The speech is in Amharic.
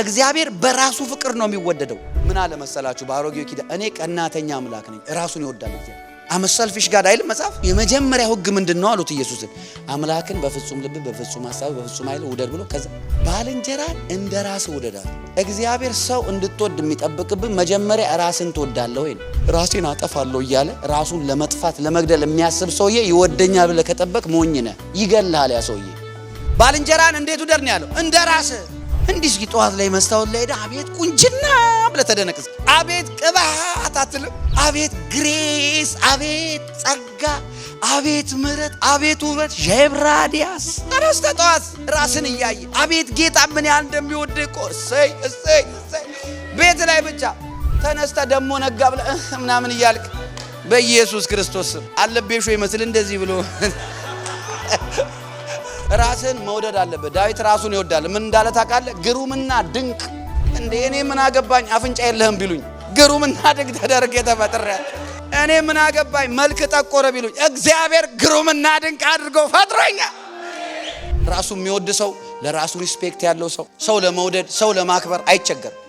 እግዚአብሔር በራሱ ፍቅር ነው የሚወደደው። ምን አለ መሰላችሁ? በአሮጌው ኪዳን እኔ ቀናተኛ አምላክ ነኝ፣ ራሱን ይወዳል እግዚአብሔር። አመሰልፊሽ ጋር አይልም መጽሐፍ። የመጀመሪያው ህግ ምንድን ነው አሉት ኢየሱስን። አምላክን በፍጹም ልብ፣ በፍጹም ሀሳብ፣ በፍጹም ኃይል ውደድ ብሎ ከዛ ባልንጀራን እንደ ራስ ውደዳል። እግዚአብሔር ሰው እንድትወድ የሚጠብቅብን መጀመሪያ ራስን ትወዳለህ ወይ ነው። ራሴን አጠፋለሁ እያለ ራሱን ለመጥፋት ለመግደል የሚያስብ ሰውዬ ይወደኛል ብለህ ከጠበቅ ሞኝ ነህ፣ ይገልሃል ያ ሰውዬ። ባልንጀራን እንዴት ውደድ ነው ያለው እንደ ራስህ እንዲህ እስኪ ጠዋት ላይ መስታወት ላይ ሄደህ አቤት ቁንጅና ብለህ ተደነቅስ፣ አቤት ቅባት አትልም? አቤት ግሬስ፣ አቤት ጸጋ፣ አቤት ምሕረት፣ አቤት ውበት ዠብራዲያስ ተነስተ ጠዋት ራስን እያየ አቤት ጌታ ምን ያህል እንደሚወድ እኮ እሰይ እሰይ እሰይ። ቤት ላይ ብቻ ተነስተ ደግሞ ነጋ ብለህ ምናምን እያልክ በኢየሱስ ክርስቶስ ስም አለቤሾ ይመስል እንደዚህ ብሎ ራስን መውደድ አለበት። ዳዊት ራሱን ይወዳል። ምን እንዳለ ታውቃለህ? ግሩምና ድንቅ። እንደ እኔ ምን አገባኝ አፍንጫ የለህም ቢሉኝ፣ ግሩምና ድንቅ ተደርጌ ተፈጥሬያለሁ። እኔ ምን አገባኝ መልክ ጠቆረ ቢሉኝ፣ እግዚአብሔር ግሩምና ድንቅ አድርጎ ፈጥሮኛል። ራሱ የሚወድ ሰው፣ ለራሱ ሪስፔክት ያለው ሰው፣ ሰው ለመውደድ ሰው ለማክበር አይቸገርም።